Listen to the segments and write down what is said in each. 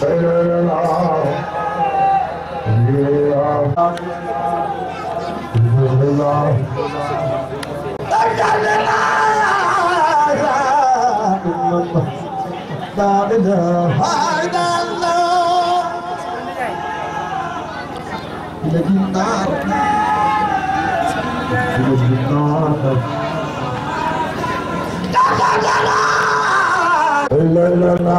la la la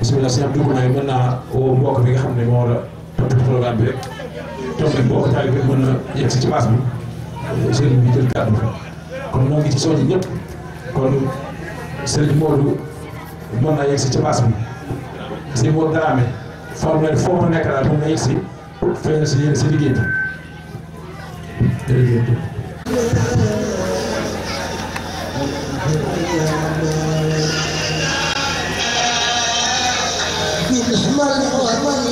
bisimilah sëñ Abdou Mbow mën naa woo nga xam ne moo war a tontu programme bi bi mën na ci base bi sëriñ bi jël ci soññi ñëpp kon sëriñ Modou naa yegg si ci base bi sëriñ mu ne foo mu nekk daal mën na yegg si feeñ si yéen si liggéey bi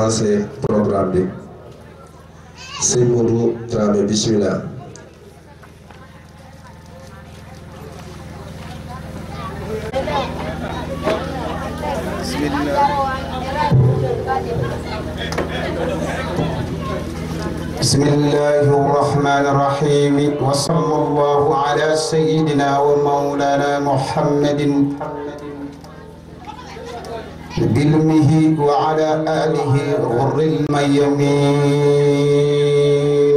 commencé الله الغر الميمين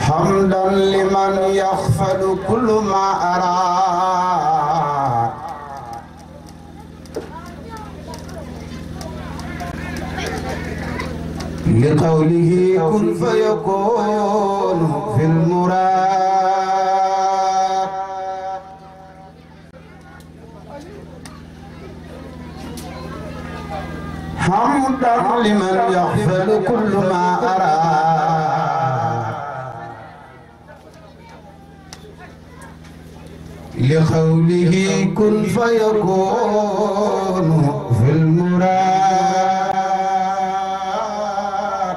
حمدا لمن يغفل كل ما أراد لقوله كن فيكون في المراد حمدا لمن يغفل كل ما أرى لقوله كن فيكون في المراد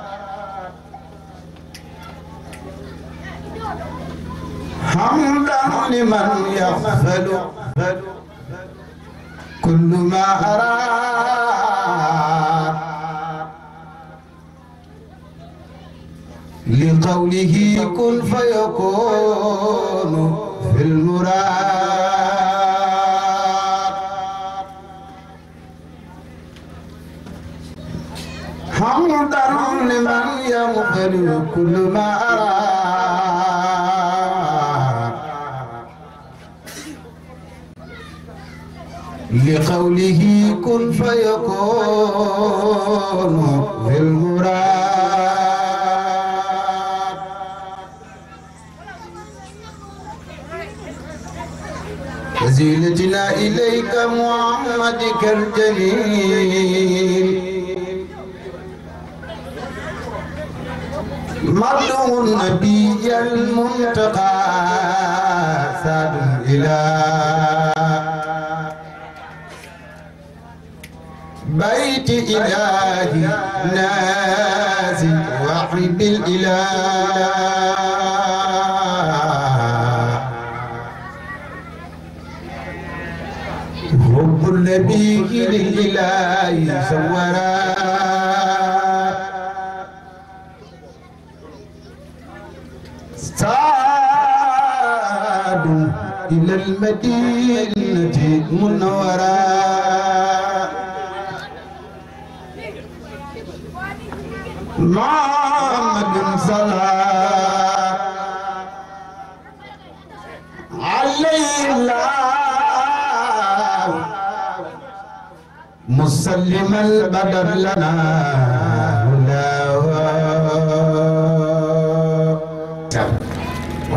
حمدا لمن يغفل كل ما أراد لقوله كن فيكون في المراد حمدا لمن يغفر كل ما أراد لقوله كن فيكون في المراد وسيلتنا إليك محمدك الجليل مدعو النبي المنتقى ساد إلى بيت إلهي نازل وحي بالإله بك لله سورا ساد إلى المدينة منورا محمد صلى عليه الله مسلم البدر لنا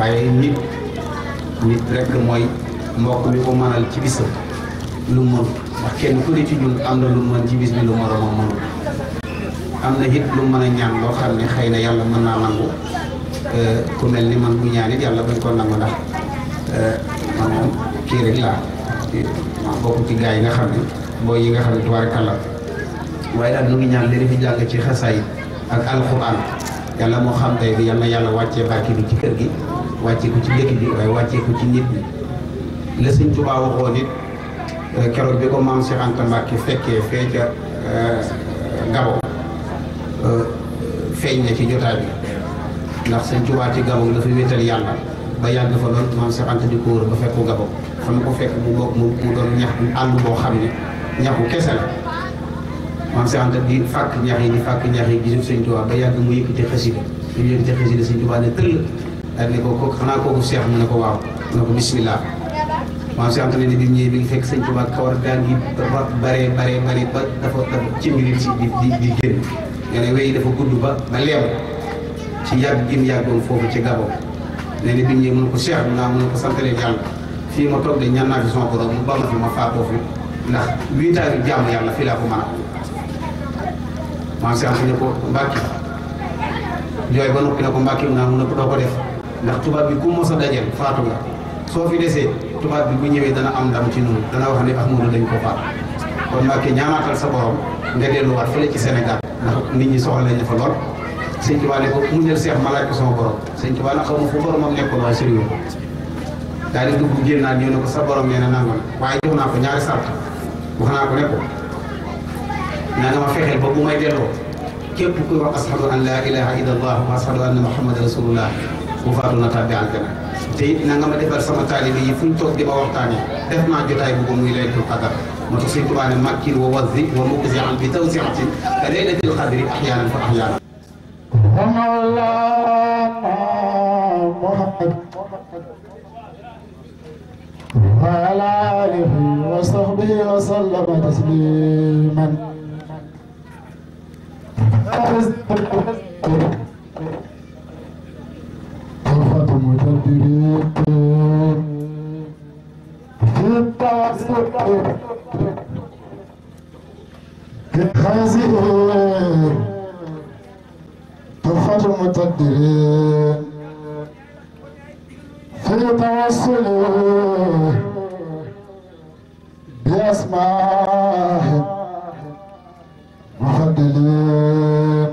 waaye nit nit rekk mooy mbokk mi ko mënal ci bisam lu mën ndax kenn ku ne ci ñun am na lu mën ci bis bi lu mën a moom mënul am na it lu mën a ñaan loo xam ne xëy na yàlla mën naa nangu euh, ku mel ni man bu ñaan it yàlla bañ ko nangu ndax euh, man moom kii rek laa maa bokk ci gaa yi nga xam ne booy yi nga xam ne tubaarkàlla waaye daal ñu ngi ñaan leen fi jàng ci xasaay ak alquran yàlla moo xam tey yàlla wàccee barke bi ci kër gi wàccee ci dëkk bi waaye wàccee ci nit ñi la sëñ Tuubaa waxoon it euh, keroog bi ko maam Cheikh Anta fekkee feeja ca euh, euh, feeñ na ci jotaay bi ndax sëñ Tuubaa ci Gabon dafa wéetal yàlla ba yàgg fa lool maam Cheikh di ko wër ba fekk ko Gabon mu ko fekk mu mu doon ñax àll boo xam ne ñaxu kese la maam si Anta di fàkk ñax yi di fàkk ñax yi gisub sëñ Tuubaa ba yàgg mu yëkkati xasida ñu yëkkati xasida sëñ Tuubaa ne tëll daal ne seex mu ne ko waaw mu ne ko bismillah maam si Anta ne bi ñëwee bi ngi fekk sëñ Tuubaa kawar daa ngi bare bare bare ba dafa dafa ci mbiri si di di génn nee na wéy dafa gudd ba ba leew ci yàgg gim yàggoon foofu ci Gabon nee na bi ñëwee mu ne ko seex mu naa mu ne naa fi ma fi ma ndax wéetaayu jaamu yàlla fii laa ko mën a maam si am ne ko mbàkki jooy ba noppi ne ko mbàkki mu naa mun ne ko def ndax tubaab bi ku mos a dajeel faatu nga soo fi desee tubaab bi bu ñëwee dana am ndam ci noonu dana wax ne Ahmadu dañ ko faat kon mbàkki ñaanaatal sa borom nga delluwaat fële ci senegal ndax nit ñi soxla nañ fa lool sëñ Tuubaa ko mu jël seex ma laaj ko sama borom sëñ Tuubaa nag xamul fu boromam nekkoon waaye sa borom nee na nangam waaye jox naa ko wax naa ko ne ko na nga ma fexeel wax ashadu an laa ilaha illa allah wa ashadu anna muhammad rasulullah bu faatu na tàbbi aljana te it na nga ma defal sama taalibe yi fu ñu toog di ma waxtaane def naa jotaay bu ko muy laylatul qadar moo tax suñ tubaane makkin wa wazi wa mugzi an bi tawsiatin ka laylatil qadri ahyaanan fa ahyaanan وعلى وصحبه وسلم تسليما طرفة مجددين في التوسط كخازئين طرفة مجددين في توسط أسماء مفضلين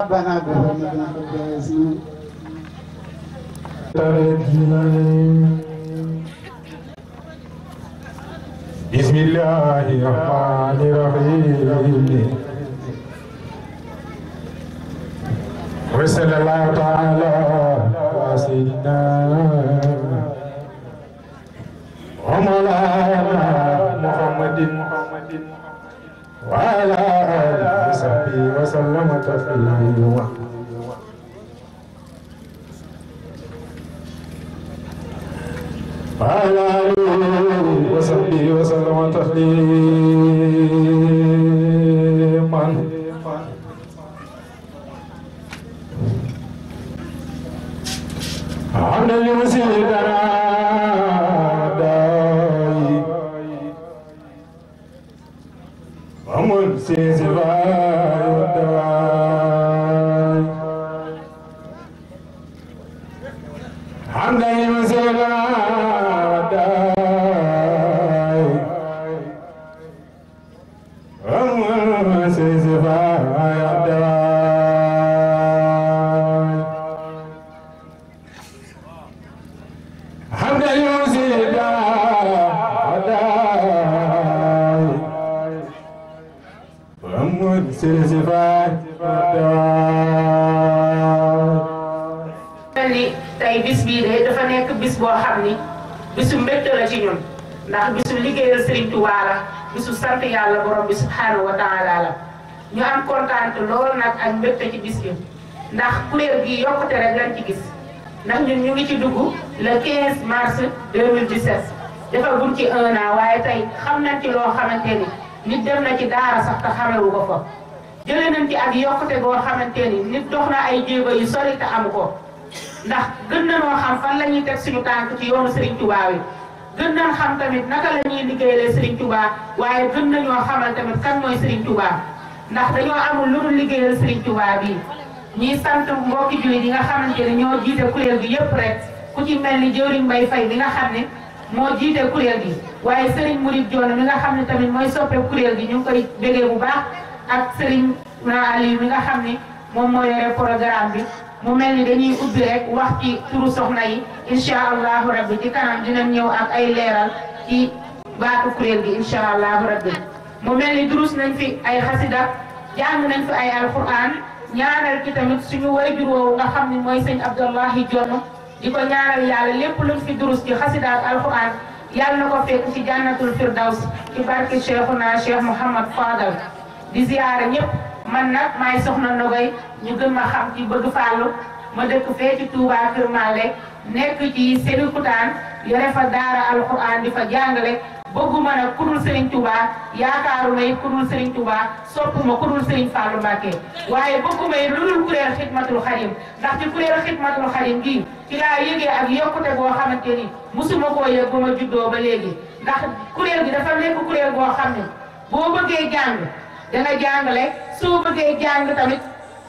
ربنا بهم ابن القاسم بسم الله الرحمن الرحيم وصلى الله تعالى على سيدنا ومولانا وعلى آله وصحبه وسلم تسليما وهم السيس الدوام daan ci gis ndax ñun ñu ngi ci dugg le 15 mars 2017 defagul ci un waaye tey xam nañ ci loo xamante ni nit dem na ci daara sax te xamewu ko fa jëlee nañ ci ak yokkute goo xamante ni nit dox na ay jéego yu sori te amu ko ndax gën nanoo xam fan la ñuy teg suñu tànk ci yoonu Serigne Touba wi gën nañ xam tamit naka la ñuy liggéeyalee Serigne Touba waaye gën nañoo xamal tamit kan mooy Serigne Touba ndax dañoo amul lu dul liggéeyal Serigne Touba bii. ñuy sant mbokki jullit yi nga xamante ne ñoo jiite kuréel gi yëpp rek ku ci mel ni jëwriñ Mbay Fay mi nga xam ni moo jiite kuréel gi waaye Serigne Mouride Dione mi nga xam ni tamit mooy soppe kuréel gi ñu ngi koy bégee bu baax ak Serigne na Aliou mi nga xam ne moom moo yore programme bi mu mel ni dañuy ubbi rek wax ci turu soxna yi incha allahu rabbi ci kanam dinañ ñëw ak ay leeral ci baatu kuréel gi incha allahu rabbi mu mel ni durus nañ fi ay xasida nañ fi ay alquran ñaanal ci tamit suñu wayjur woowu nga xam ne mooy sëñ Abdullahi Jonn di ko ñaanal yàlla lépp lu fi durus ci xasidaat alquran yàlla na ko fekk ci jannatul firdaws ci barke cheikhuna cheikh Mouhamad Fadal di ziyaare ñëpp man nag maay soxna Ndogoy ñu gën ma xam ci bëgg fàllu ma dëkk fee ci Touba Kër Mallé nekk ci Sébikotane yore fa daara alquran di fa jàngale bëgguma nag ku dul Serigne Touba yaakaaruma it ku dul Serigne Touba soppuma ku dul Serigne Fallou Mbacké waaye bëgguma it lu dul kuréel xidmatul xadim ndax ci kuréel xidmatul xadim gii ci laa yëgee ak yokkute boo xamante ni musuma koo yëg ba ma juddoo ba léegi ndax kuréel gi dafa nekk kuréel boo xam ne boo bëggee jàng danga jàngale soo bëggee jàng tamit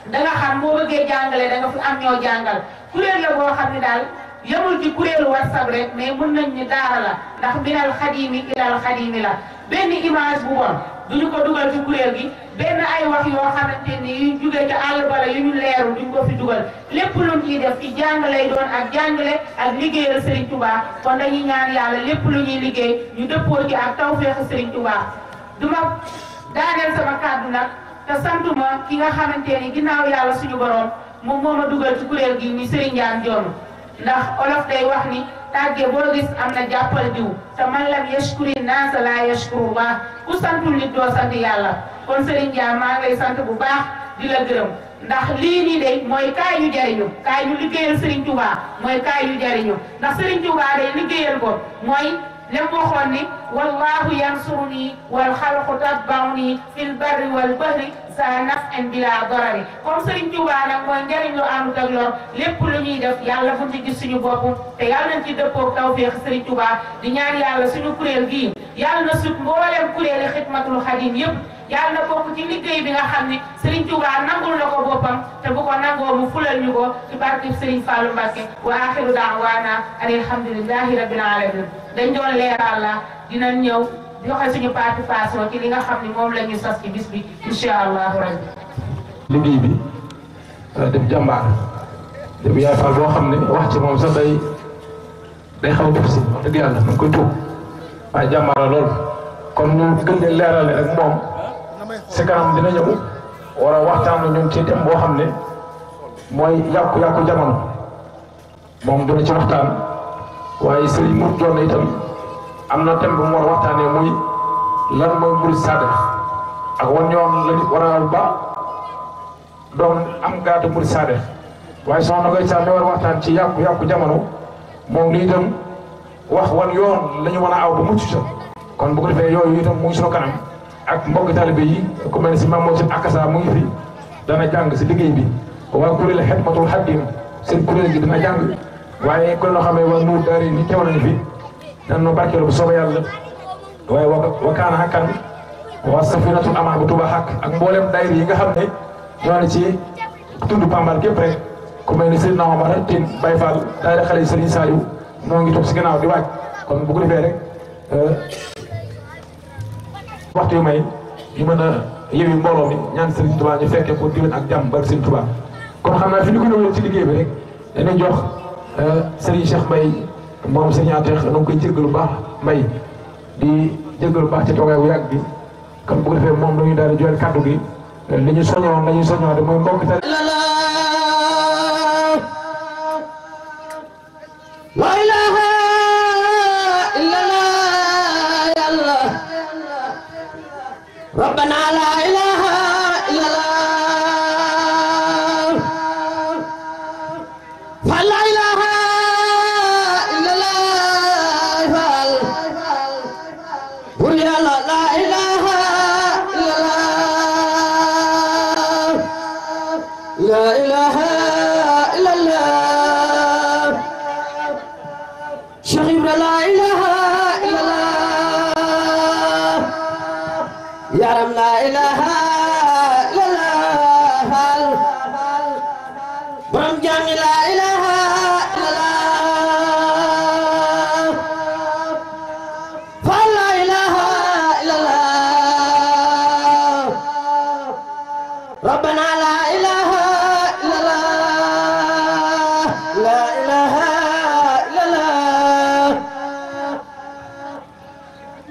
danga xam boo bëggee jàngale danga fu am yoo jàngal kuréel la boo xam ne daal yemul ci kuréelu whatsapp rek mais mun nañ ni daara la ndax minal xadimi ilal xadimi la benn image bu bon ñu ko dugal ci kuréel gi benn ay wax yoo xamante ni yu juge ca àll bala yu ñu leeru ñu ko fi dugal lépp luñ ñuy def ci jàng lay doon ak jàngale ak liggéeyal Serigne Touba kon dañuy ñaan yàlla lépp lu ñuy liggéey ñu dëppoo ci ak tawféexu Serigne Touba duma daaneel sama kàddu nag te santuma ki nga xamante ni ginnaaw yàlla suñu borom moom moo ma dugal kuréel gi ñu Serigne Ndiane Dione ndax olof day wax ni tàgge boo gis am na jàppal diw te man lam yashkuri naasa laa yashkurullah ku santul nit sant yàlla kon Serigne Dia maa lay sant bu baax di la gërëm ndax lii nii day mooy kaay yu jariñu kaay yu liggéeyal Serigne Touba mooy kaay yu jariñu ndax Serigne Touba day liggéeyal ko mooy lem waxoon ni wallahu yansuruni wal xalqu tatbauni fil barri wal bahri sa naf'in bilaa darari comme Serigne Touba nag mooy njëriñ lu àndut ak lor lépp lu ñuy def yàlla bu ci gis suñu bopp te yàlla nañ ci dëppoo tawféex Serigne Touba di ñaan yàlla suñu kuréel gi yàlla na sut mbooleem kuréeli xidmatul xadim yëpp yàlla na bokk ci liggéey bi nga xam ni Serigne Touba nangul na ko boppam te bu ko nangoo mu fulal ñu ko ci barkeb Serigne Fallou Mbacké wa axiru daawaana an alhamdulillahi rabbil alamin dañ doon leeral la dinañ ñëw joxe suñu participation ci li nga xam ni moom la ñu sos bis bi incha allahu rabbi. liggéey bi euh, def jàmbaar def yaay faal boo xam ne wax ci moom sax day day xaw a def si wax dëgg yàlla mu koy tuub waaye jàmbaar la lool kon ñu gën leen leerale rek moom si dina ñëw war a waxtaan ñun ci dem boo xam ne mooy yàqu yàqu jamono moom dina ci waxtaan waaye sëriñ mu doon itam. am na thème bu mu war a waxtaanee muy lan mooy murid saadix ak wan yoon lañu ba doon am gaatu murid saadix waaye soxna koy sa mi war a waxtaan ci yàqu yàqu jamono moom li itam wax wan yoon la ñu mën aw ba mucc ca kon bu ko defee yooyu itam mu ngi kanam ak mbokki taalibe yi ku mel ne si Mamadou Sine Akassa mu ngi fi dana jàng si liggéey bi waa kuréel Xidmatul Xaadim seen kuréel gi dina jàng waaye kon loo xam ne waa Nuur Daara ni teew nañu fi. dana nu bu sooba yàlla waaye wakaana xakkan waa safinatul amaan bu xakk ak mboolem daayir yi nga xam ne ñoo ci tudd Pambal képp rek ku mel ni Seydina Omar ngi topp si gannaaw di waaj kon bu ko defee euh, yu may ñu mën a yëwi ñaan Serigne Touba ñu fekkee ko diwén ak jàmm bari Serigne Touba kon xam naa fi ñu ko ñëwee ci liggéey bi rek danañ jox euh, Serigne Cheikh Mbaye moom sëñ Atex na nga koy jéggalu baax mbay di jéggalu baax ci toogaay bu yàgg bi kon bu ko defee moom dañuy daal di joxe kàddu gi li ñu soñoon la ñu soñoon de mooy mbokk ta ربنا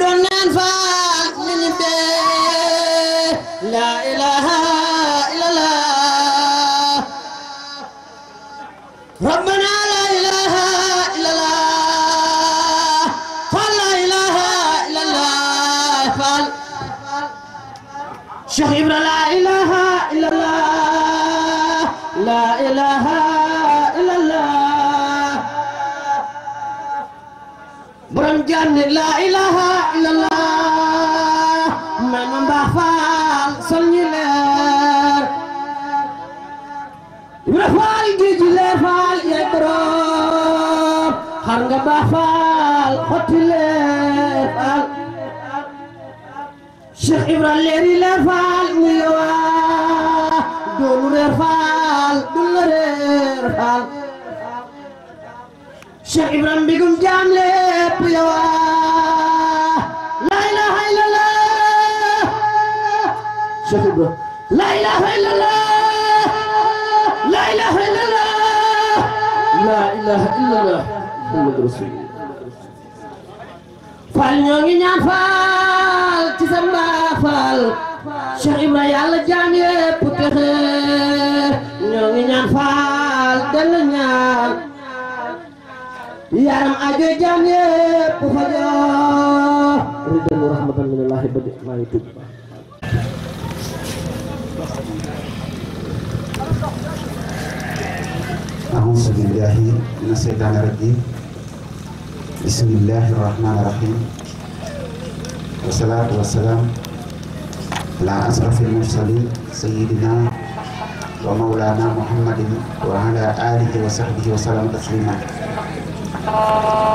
doon naan fa ni ñibbe la ilaha illallah rabbana la ilaha illallah fal la ilaha illallah fal Cheikh Ibra la ilaha illallah la ilaha illallah borom jànni la ilaha ba faal xotti leer faal Cheikh Ibra leeri leer faal ni waa doonu reer faal dunna reer faal Cheikh Ibra mbigum jaam lépp yawaa laa ilaaha illallaah Cheikh Ibra laa ilaaha illallaah laa ilaaha illallaah laa ilaaha illallaah faal ñoo ngi ñaan faal ci sa mbaa faal Cheikh Ibra yàlla jaam yépp texe ñoo ngi ñaan faal dal ñaan yaram ajo jaam yépp fajo ridan rahmatan minallahi badi maa ngi tudd أعوذ بالله من الشيطان الرجيم bismillahi rahmaani rahim wasalaatu wasalaam ala asrafil mursalin sayidina wa mawlana muhammadin wa ala alihi wa sahbihi wa sallam taslima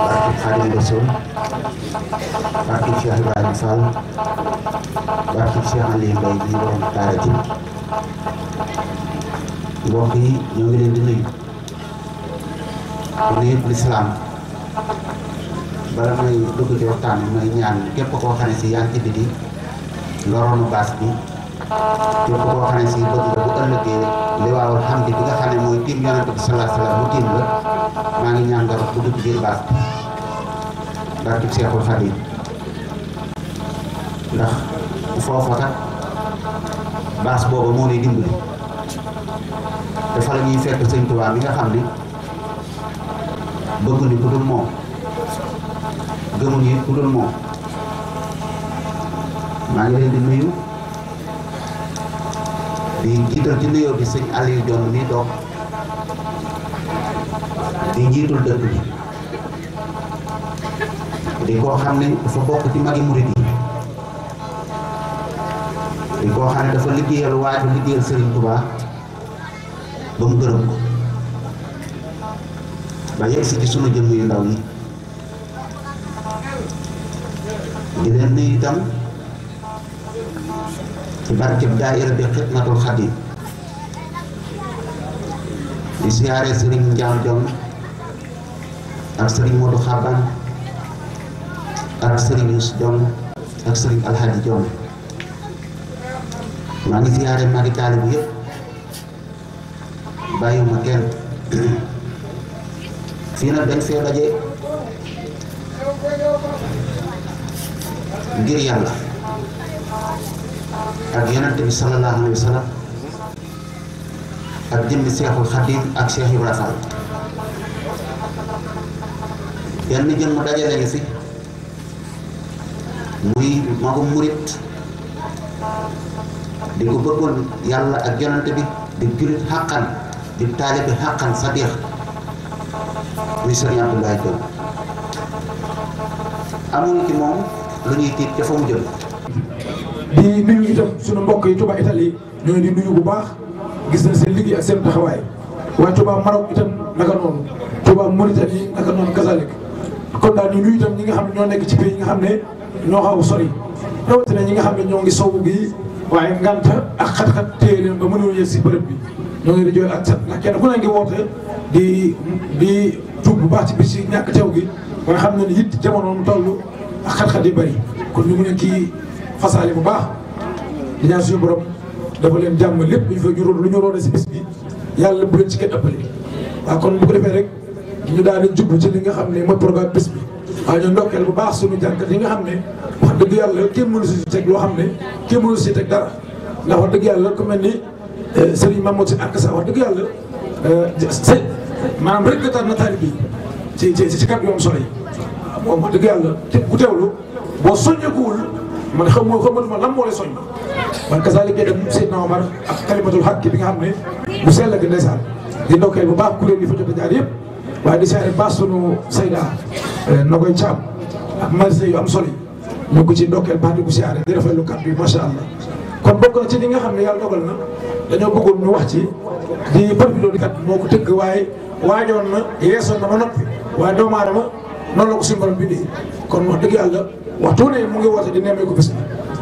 barke Xaadim Rasul barke Cheikh Ibrahima Fall barke Cheikh Ali Mbaye bi borom daara ji mbokk yi ñoo ngi leen di nuyu bu nuyu lislaam bala may dugg ci waxtaan bi ñaan képp koo xam ne si yaa ngi ci biti baas bi képp koo xam ne si bëgg nga bu ëllëgee li waawul xam di bi xam ne bu dugg biir baas bi ndax foofa kat baas booba moo lay dimbali dafa la ñuy fekk sëñ Tuubaa bi nga xam ne bëgg ni ku dul moom gëmuñu it ku dul moom maa ngi leen di nuyu di jiital ci nuyoo bi sëñ Aliou Dione mi toog di jiitul dëkk bi di koo xam ne dafa bokk ci magi murid yi di koo xam ne dafa liggéeyal waatu liggéeyal Serigne Touba ba mu gërëm ko ba yegg si ci sunu jëmm yu ndaw yi di leen nuyu itam ci barkeb daayira bi xidmatul xadim di siyaare sëriñ Njaam Jom ak sëriñ Modou Xaban ak sëriñ Yus ak sëriñ Alxaji Jom maa ngi siyaare magi taalibu yëpp bàyyiwuma kenn fii nag dañ fee daje ngir yàlla ak yonent bi sallallahu alayhi wa sallam ak jëmmi seexul xadim ak seex Ibra Fall yenn jëmm dajale ñu fi muy magum murit di ko bëggoon yàlla ak yonent bi di julit xàqan di taalibi xàqan sadiq muy sëriñ Abdoulaye Diop amuñu ci moom lu ñuy tiit ca fa mu jëm. di nuyu itam suñu mbokk yi Touba Italie ñooñu di nuyu bu baax gis na seen liggéey ak seen taxawaay waaye Touba Maroc itam naka noonu Touba Mauritanie naka noonu kazalik kon daal ñu nuyu itam ñi nga xam ne ñoo nekk ci pays yi nga xam ne ñoo a sori rawatina ñi nga xam ne ñoo ngi sowu gi waaye ngant ak xat-xat téye leen mën mënuñu yegg si bërëb bi ñoo ngi di jooy ak sat ndax kenn ku ne ngi woote di di tuub bu baax ci bi yi ñàkk teew gi waaye xam ne ni it jamono mu toll ak xat-xat yu bëri kon ñu mën a kii fasaale bu baax di ñaan suñu borom dafa leen jàmm lépp lu ñu fa juróon lu ñu roone si bis bi yàlla bu leen si kenn ëppale waaw kon bu ko defee rek ñu daal di jublu ci li nga xam ne mooy programme bis bi waaw ñu ndokkeel bu baax suñu jànkat yi nga xam ne wax dëgg yàlla kenn mënu si xam ne kenn mënu si ndax wax dëgg yàlla ku mel ni eh, Serigne Mamadou si ak sa wax dëgg yàlla eh, maanaam rek la taal na taal bi ci ci ci kàddu yoon solo yi moom wax dëgg yàlla te bu teewlu boo soññeekuwul man xam nga xam nga lan moo lay soññ. man kasaalika dem Seydina Omar ak kalimatul xaq bi nga xam ne bu sell di ndokkeel bu baax kuréel yi fa jot a jaar yëpp waaye di seere baax sunu Seyda eh, na koy caam ak marché am solo yi ñu ko ci ndokkeel baax di ko siyaare di rafetlu kàddu allah. kon bokk na ci li nga xam ne yàlla dogal na dañoo bëggoon ñu wax ci di parmi doon kat moo ko tëgg waaye waajoon na yeesoon na ba noppi waaye doomu aadama noonu la ko suñu bi bindee kon wax dëgg yàlla waxtu ne mu ngi woote di nemmee ko bés bi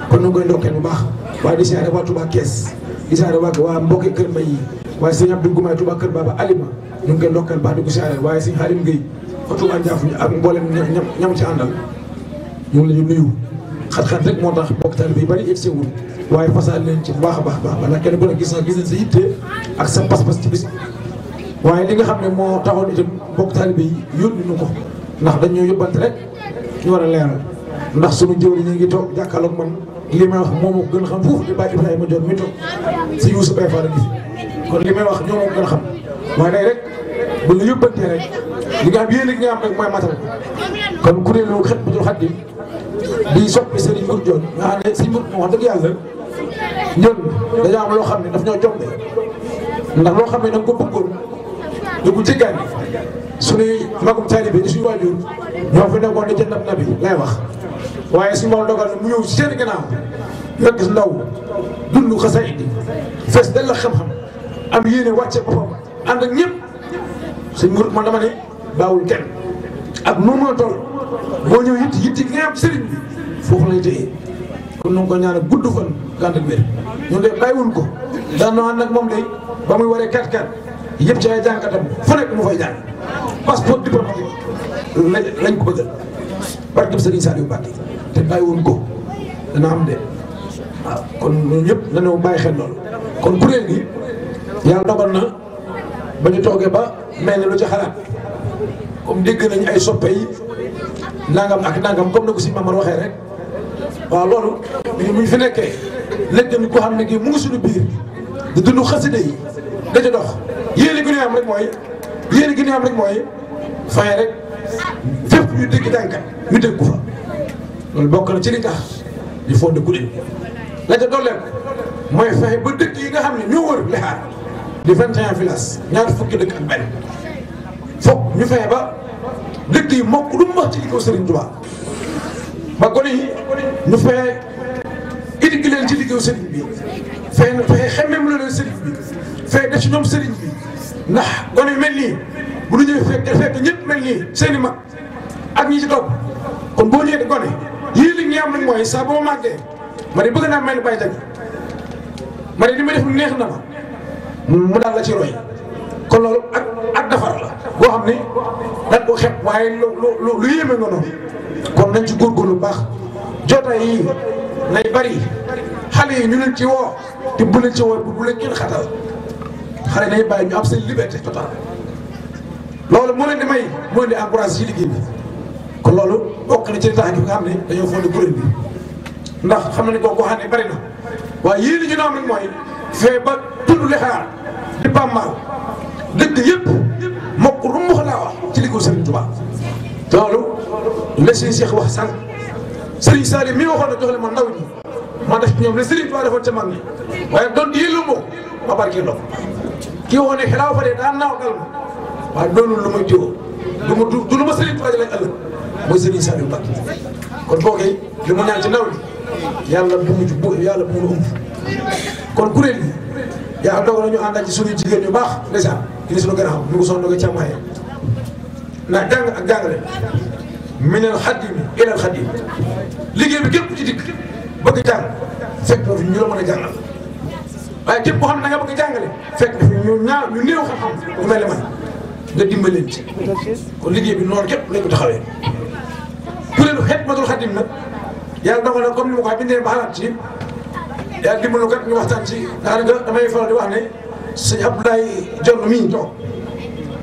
kon ñu ngi koy ndokkeel bu baax waaye di siyaare waa Touba Kees di siyaare waa waa mbokki kër mbay yi waaye kër Baba Alima ñu ngi koy ndokkeel baax di ko siyaare waaye sëñ Xaalim Ngay fa Touba Ndiafu ak mboolem ci àndal ñu ngi la ñu nuyu xat-xat rek moo tax mbokk taalibe yi bari egsi wul waaye fasal leen ci bu baax a baax baax ndax kenn ku ne gis na gis nañ sa yitte ak sa ci bis waaye li nga xam ne moo taxoon itam mbokk taalibe yi yónni ñu ko ndax dañoo ñoo yóbbante rek ñu war a leeral ndax sunu jëwri ñu ngi toog jàkkaarloog man li may wax moom moo gën xam fuuf di bàyyi Ibrahima Diop mi toog si Youssou Baye Fall kon li may wax ñoo moo gën xam waaye nag rek bu ñu yóbbantee rek li nga xam nga xam rek mooy matal kon kuréelu xet bu dul xat yi di soppi Serigne Mour Diop nga wax dëgg yàlla ñun dañoo am loo xam ne daf ñoo jombe ndax loo xam ne da nga ko bëggoon da ko jéggaani suñuy magum taalibe di suñu waajur ñoo fi nekkoon di jënd ab nabi lay wax waaye suñu moom dogal mu ñëw si seen ginnaaw nga gis ndaw dund xasaayid yi fees xam-xam am yéene wàcce boppam ànd ak ñëpp suñ mu man dama ne baawul kenn ak nu mu toll boo ko ñaan gudd fan gànd ak wér ñun de bàyyiwul ko daan noo moom de ba muy waree 4-4 yëpp ci ay jànkatam fu nekk mu fay jàng passeport diplomatique lañ ko bëggal barke Sëriñ Saliou Mbacké te bàyyi woon ko dana am de waaw ah, kon ñun ñëpp dañoo bàyyi xel loolu kon kuréel gi yàlla dogal na ba ñu toogee ba mel ni lu ci xalaat comme dégg nañ ay soppe yi nangam ak nangam comme na ko si Mamar waxee rek waaw loolu ñu muñ fi nekkee léegi tamit koo xam ne kii mu ngi suñu biir di dund xaside yi da dox yéene gi ñu am rek mooy yéene gi ñu am rek mooy fay rek fépp ñu dégg jàngat ñu dégg ko fa loolu bokk na ci li tax il faut dëkku leen la ca dooleel mooy fexe ba dëkk yi nga xam ne ñoo wër lixaar di 21 villages ñaar fukki dëkk ak benn foog ñu yi mokk lu mu wax ci ko Serigne Touba ba gone yi ñu fexe éduquer leen ci liggéeyu Serigne bi fexe fexe xemmeem la leen Serigne bi. fayda ci ñoom sëriñ bi ndax gone yu mel nii bu ñu ñëwee fekk fekk ñëpp mel nii seen mag ak ñi ci topp kon boo ñëwee gone yii li ñu am nag mooy saa boo màggee ma ne bëgg naa mel ni Baye Dany ma ne li ma def neex na ma mu daal la ci roy kon loolu ak ak defar la boo xam ne dañ ko xeeb waaye lu lu lu yéeme nga noonu kon nañ ci góorgóorlu bu baax jotaay yi nay bari xale yi ñu leen ci woo te bu leen ci woo bu leen kenn xatal. xale day bàyyi am seen liberté totale loolu moo leen di may moo ne di encouragé ci liggéey bi kon loolu bokk na ci li tax ñu nga xam ne dañoo fondé ndax xam nañ kooku xam ne bari na waaye yéen li ñu naan rek mooy fee ba tudd li xalaat di bàmmaal dëkk yëpp mokk rumbax laa wax ci liggéeyu Serigne Touba loolu la si Cheikh wax sànq Serigne Saliou mi waxoon na jox leen ma ndaw ñi ma def ñoom ne Serigne Touba defoon ca mag ñi waaye doon yëllu moo ma barkeeloo kii woo ne xelaaw fa de daan naaw dal ma waaye doonul lu ma jiwoo du ma du lu ma sëriñ Tuubaa lay ëllëg mooy sëriñ Saliou Mbacké kon boogee li mu ñaan ci nawet bi yàlla bu mu jub yàlla bu mu ëmb kon kuréel gi yaa dogal ñu ànd ak ci suñu jigéen ñu baax ndeysaan ñu suñu gën a xam ñu ngi sonn ko càmmaayee ndax jàng ci dikk bëgg jàng fekk ñu la mën a jàngal waaye képp koo xam ne da nga bëgg a jàngale fekk fi ñu ñaaw ñu néew xam-xam bu mel ne man nga dimbaleen kon liggéey bi noonu képp lañ ko taxawee kuréelu Xidmatul Xadim nag na comme ni ma ko waxee bindee ba xalaat ci yàlla dimbalu kat ñu waxtaan ci daanaka damay faral di wax ne sëñ Abdoulaye Dior mii toog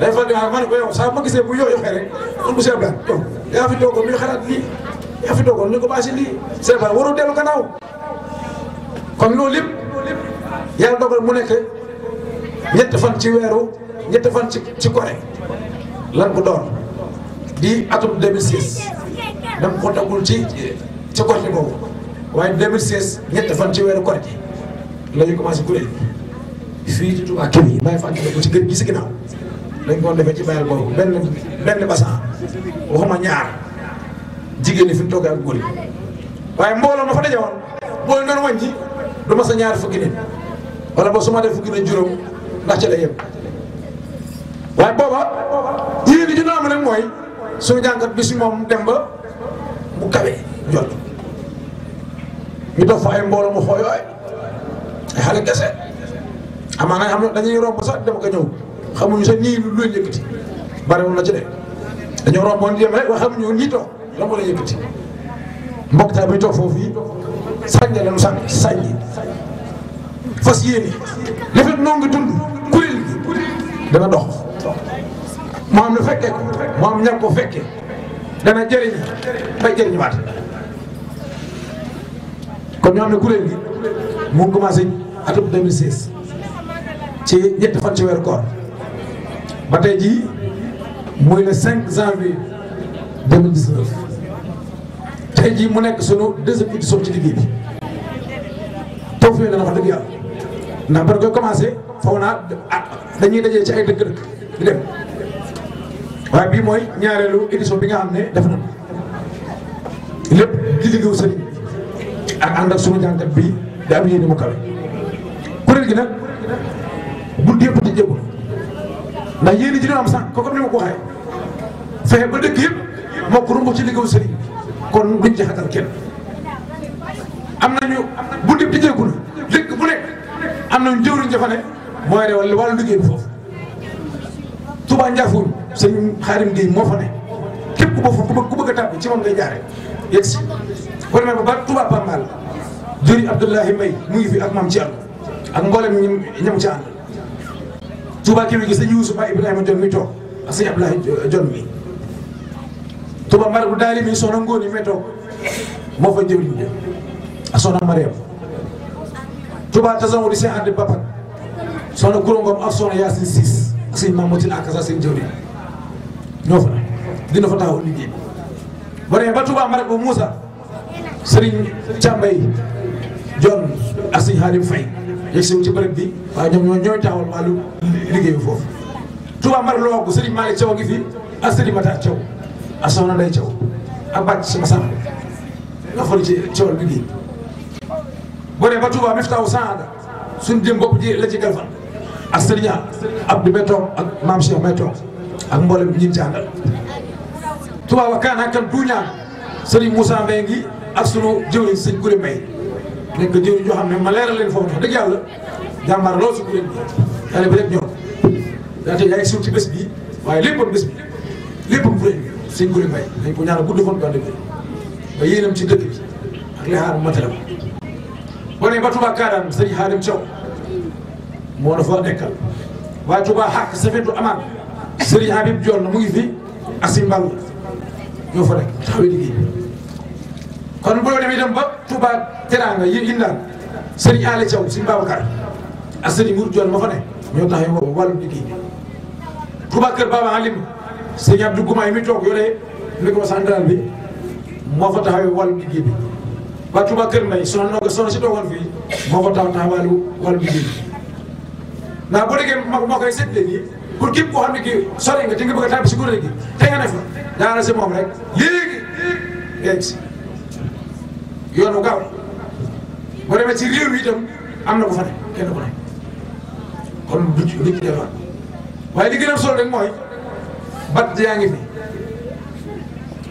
day faral di gisee bu yoo yoxee rek kon bu sëñ Abdoulaye yow yaa fi toogoon muy xalaat lii yaa fi toogoon ni ko baasi lii sëñ kon loolu lépp yàlla dogal mu nekk ñetti fan ci weeru ñett fan ci ci Koré lan ko doon di atum 2006 dama ko dagul ci ci Koré boobu waaye 2016 ñetti fan ci weeru Koré la ñu commencé kuréel fii ci Touba kii bi. bàyyi fa ànd ko ci gën gi si ginnaaw dañ ko defee ci bàyyil boobu benn benn basan ma ñaar jigéen ñi fi mu toog ak góor yi waaye mbooloo ma fa dajewoon booy noonu wàññi du ma sa ñaar fukki nit. wala boo su ma def fukki na juróom ndax ca lay yem waaye booba yéen li ñu naan rek jàngat bi si moom dem ba bu kawe jot ñu def fa ay mbooloo dañuy romb sax dem ko ñëw xamuñu sax nii lu leen yëkkati bariwul na ci de dañoo romboon di dem rek waaye xamuñu nii toog lan moo leen mbokk taal bi toog foofu yi sànni la sa sànni sànni. fas yéene li fekk noo ngi dund kuréel gi dana dox mu am lu fekkee ko mu am ña fekkee dana jëriñ bay jëriñuwaat kon ñu am ne kuréel gi mu ngi commencé atum 2016 ci ñetti fan ci weeru koor ba tey jii muy le 5 janvier 2019 tey jii mu nekk sunu deuxième édition ci liggéey bi taw fii dana wax dëgg yàlla. ndax ba ko commencé foog naa ah, dañuy dajee ci ay dëkk-dëkk di dem waaye bii mooy ñaareelu édition bi nga xam ne def na lépp ci liggéeyu sëriñ ak di am yéene mu kawe kuréel gi nag bunt yëpp ci jëgu ndax yéene am sànq ko comme ni ma ko waxee fexe ba dëkk yëpp moo ko rumb ci liggéeyu sëriñ kon duñ ci xatal kenn am nañu bunt yëpp ci jëgu na am na jëwriñ jafa ne mooy re wala wàllu liggéey bi foofu Touba Ndiafour sëñ Xaarim Gueye moo fa képp ku boofu ku bëgg a tàbbi ci moom ngay jaare yegg si boo demee ba ba Touba Pambal jëri Abdoulahi Mbaye mu ngi fi ak maam ci àll ak mboolem ñam ñam ci àll Touba Kéwél gi sëñ Youssou Ba Ibrahima Dione mi toog ak sëñ Abdoulahi Dione mi Touba Mbar bu daali mi soxna Ngóoni toog moo fa jëwriñ ak soxna Mariam Touba tasawur di Cheikh Anta Bapat soxna Kourou Ngom ak soxna Yacine Ciss ak sëñ Mamadou Akasa seen jëwriñ ñoo fa dina fa taxaw liggéey bi. ba tubaa ba Touba Mare bu Moussa Serigne Cambay John ak sëñ Halim Faye yegg si ci bërëb bi waaye ñoom ñooy taxawal wàllu liggéey bi foofu. tubaa Mare loo ko Serigne Malick Thiaw ngi fi ak Serigne Matar Thiaw ak soxna Ndeye Thiaw ak Bac Sama Samb nga xool boo dee ba Touba Miftaw Saada suñu jëm bopp ji la ci galfan ak Serigne Abdou Métoog ak Mame Cheikh Métoog ak mboolem ñi ñu ci àndal. Touba wa Kaana kan duñaan Serigne Moussa Mbaye ngi ak sunu jëw sëñ Gure Mbaye nekk jëwriñ joo xam ne ma leeral leen foofu wax dëgg yàlla jàmbaar lool si bi yàlla bi rek ñoom daa tey yaa ngi suuf ci bés bi waaye léppam bés ko ñaanal gudd fan gàllankoor ba yéenam ci dëkk bi ak li xaar boo nee ba Touba Kaaraan sëñ Xaadim Thiaw moo la fa nekkal waaye Touba xàq safetu amaan sëriñ Habib fi ak si mbal fa rek taxawee liggéey kon boo demee dem ba Touba Teranga yi Indaan sëriñ Aale Thiaw sëriñ Babacar ak sëriñ Mour Dior ma fa ne ñoo taxawee wàllum liggéey bi Touba Kër Halim sëriñ Abdou Gouma yi mi toog yore micro bi moo fa taxawee wàllum liggéey bi. ba Touba Kër Mbaye soxna nga soxna si toogoon fii moo ko taw tax wàllu wàllu liggéey ndax bu déggee ma ma koy seetlee nii pour képp koo xam ne kii sori nga te nga bëgg a tàbbi si kuréel nga ne fa daanaka si moom rek léegi léegi si yoon wu gaaw boo demee ci réew yi itam am na bu fa ne kenn ku ne kon duñ ci duñ mooy bat yaa ngi fi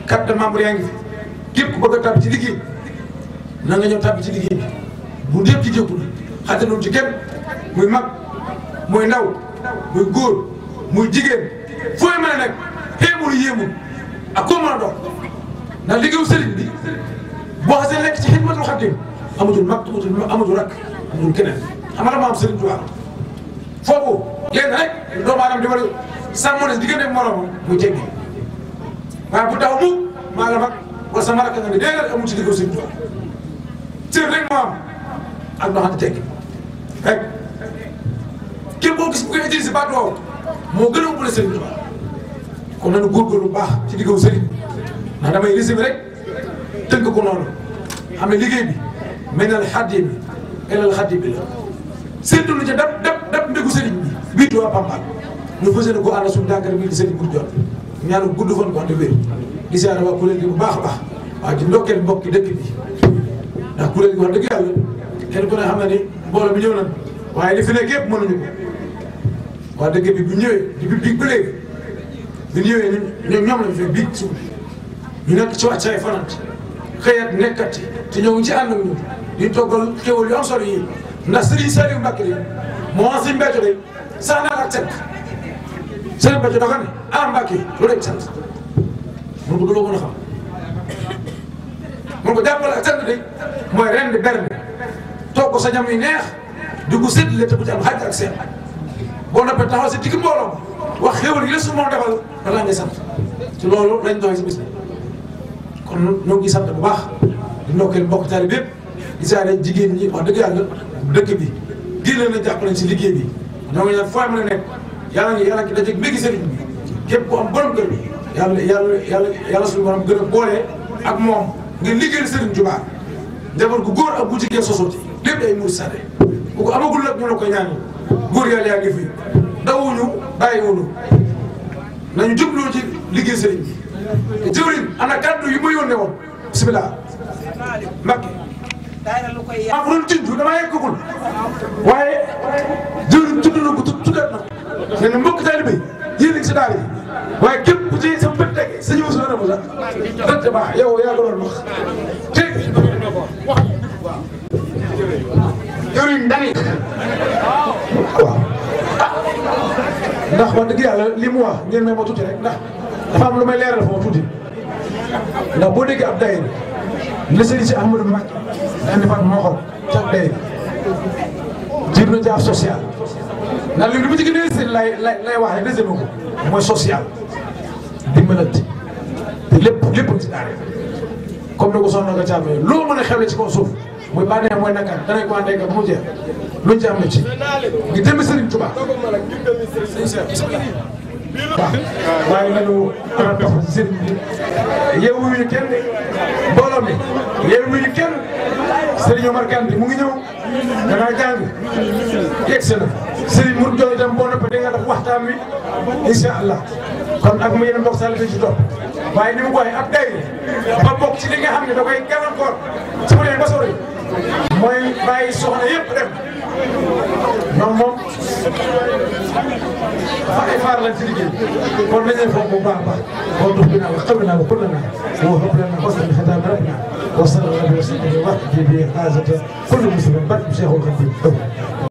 carte membre yaa ngi fi képp ku bëgg a ci liggéey. na nga ñëw tàbbi ci liggéey bi bu dépp ci jéggul xajaluñ ci kenn jigéen foo mën a nekk xéemul yéemul ak koo mën a dox ndax liggéeyu sëriñ boo xasee nekk ci xidmatul xadim amatul mag amatul amatul rakk amatul keneen xam nga ma am sëriñ Tuubaa foofu lenn rek doomu aadama di war a sàmmoon diggante moromam muy jéggi waaye bu daw mu maa la mag wala sama rakk nga ne déedéet amul ci liggéeyu sëriñ Tuubaa cër rek moo am ak loo xam ne tekki rek képp koo gis bu koy utiliser baat moo gën a umpale Serigne Touba bu baax ci liggéeyu Serigne ndax damay résumé rek tënk ko noonu xam ne liggéey bi menal xaddi bi elal bi la seetlu lu ca dab dab dab ndegu Serigne bi bii Touba Pambal ñu fas yéene ko ànd suñu dànkar bi di Serigne Goutte Diop ñaanu gudd fan ko ànd wér di siyaare bu baax a baax waaw di ndokkeel mbokki dëkk bi ndax kuréel gi wax kenn ku ne xam na mboolo mbooloo bi ñëw na waaye li fi nekk yëpp mënuñu ko waa dëgg bi bu ñëwee depuis biig ba léegi bu ñëwee ñoom ñoom lañ fekk biig suuf ñu nekk ci wàccaay fanat xëyat nekkat ci te ñoo ngi ci ànd ak ñun di toggal xéwal yu am solo yi ndax Serigne Saliou Mbacke li moo am suñu mbéyto de teg Serigne Mbacke dafa ne ah Mbacke loolu rek sant mun ko du mun ko jàppale ak cant day mooy ren di berne toog ko sa ñam yu neex di ko séddale bu ci am xaj ak seen boo noppee taxaw si digg wax xéwal yi su moo defal balaa ngay sant ci loolu lañ doxee si bis bi kon ñoo ngi sant bu baax di ndokkeel mbokk taalibe bépp di saare jigéen ñi wax dëgg yàlla dëkk bi diine na jàppale si liggéey bi ñoo ngi ñaan foo mën a nekk yàlla ngi yàlla bi képp ku am borom kër bi yàlla yàlla yàlla yàlla suñu borom gën a boole ak moom ngir liggéeyal Serigne Touba jabar gu góor ak bu jigéen sosoo ci lépp day muur sare bu ko amagul nag ñu la koy ñaanal góor yàlla yaa ngi fi dawuñu bàyyiwuñu nañu jubloo ci liggéey Serigne bi. jëwriñ ana kàddu yu ma yónnee woon bisimilah Mbacke. maa ko doon tudd damaa yeggagul waaye jëwriñ tudd na ko tuddaat na. nee na mbokk taalibe yéen a ngi si daal ci sa bët teg sa ñëw sa rëbb la dëgg baax yow yaa ko doon wax te. jëriñ ndani. waaw. ndax wax dëgg yàlla li mu wax ngeen may ma tuuti rek ndax dafa am lu may leeral foofu tuuti ndax boo déggee ab dayu ne sëriñ si Ahmadou Mbacké daan defaat moo xam ca dayu jur na jaaf social. na léegi bu ci gën a yées lay lay lay waxee deuxième ko mooy social dimbalante te lépp lépp ci daara comme ni ko soxna nga càmmee loo mën a xewle ci kaw suuf muy bànneex mooy nakar danañ ko àndee bu mu jeex luñ ci am na ci ngi jëm Serigne Touba waaw waaye nañu xanaa dox ci Serigne bi yeewuñu kenn mu ngi ñëw danaa jàng yegg na Serigne Mour Diop itam boo noppee da nga def waxtaan wi incha allah kon ak mu yeneen mbokk sàll bi ci topp waaye ni mu ko waxee ab day ba bokk ci li nga xam ne da koy gàllankoor su ma leen ba sori mooy bàyyi soxna yëpp dem ñoom moom ay faar lañ ci liggéey kon dañ leen foofu bu baax a baax kon dugg naa ba xam naa ba pël naa woo xam naa ba sori xataa ba rek naa wa sallallahu alayhi wa sallam wa rahmatullahi wa barakatuh kullu muslimin barke Cheikhul Khadim